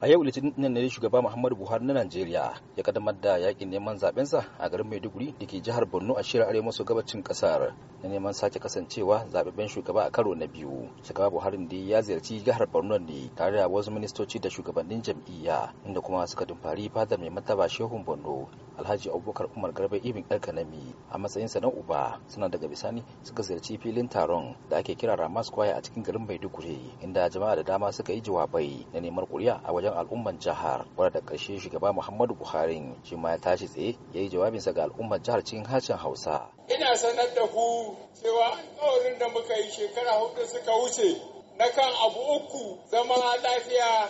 A yau Litinin ne shugaba Muhammadu Buhari na Najeriya ya kaddamar da yakin neman zaɓensa a garin Maiduguri da ke jihar Borno a shirar arewa maso gabacin kasar na neman sake kasancewa zababben shugaba a karo na biyu. Shugaba Buhari da ya ziyarci jihar Borno ne tare da wasu ministoci da shugabannin jam'iyya inda kuma suka dumfari fadar mai mataba Shehun Borno alhaji abubakar umar garba ibn alkanami a matsayinsa na uba suna daga bisani suka ziyarci filin taron da ake kira ramas kwaya a cikin garin maiduguri inda jama'a da dama suka yi jawabai na neman kuriya a wajen al'umman jihar wadda da karshe shugaba muhammadu buhari shi ma ya tashi tsaye ya yi jawabinsa ga al'umman jihar cikin harshen hausa ina sanar da ku cewa alƙawarin da muka yi shekara hudu suka wuce na kan abu uku zama lafiya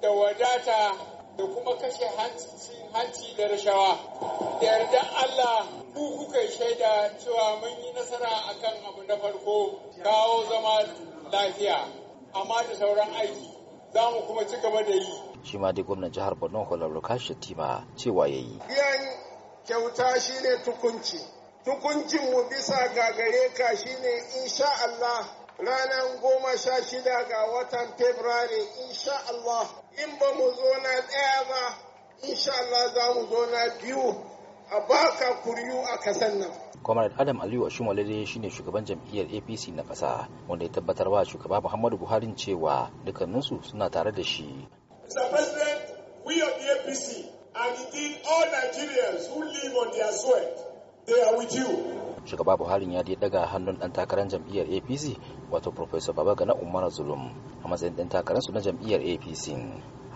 da wadata da kuma kashe hanci da rashawa. Da yarda Allah ku kuka shaida cewa mun yi nasara akan abu na farko kawo zama lafiya, amma da sauran aiki za mu kuma ci gaba da yi. Shi ma dai gwamnan jihar Borno Kwalabu Kashi Tima cewa ya yi. Biyan kyauta shine tukunci. Tukuncin mu bisa gagare ka shine insha Allah ranar goma sha shida ga watan Fabrairu insha Allah in ba mu zo insha Allah za mu zo na biyu a baka kuryu a kasan nan Comrade Adam Aliyu shi shine shugaban jam'iyyar APC na ƙasa wanda ya tabbatar wa shugaba Muhammadu Buhari cewa dukkaninsu suna tare da shi. Mr. President, we of the APC and indeed all Nigerians who live on their soil, they are with you. shugaba buhari ya dai daga hannun dan takarar jam'iyyar apc wato professor babagana umar zulum a matsayin dan takararsu na jam'iyyar apc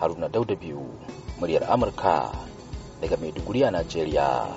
haruna dauda biyu muryar amurka daga maiduguri a najeriya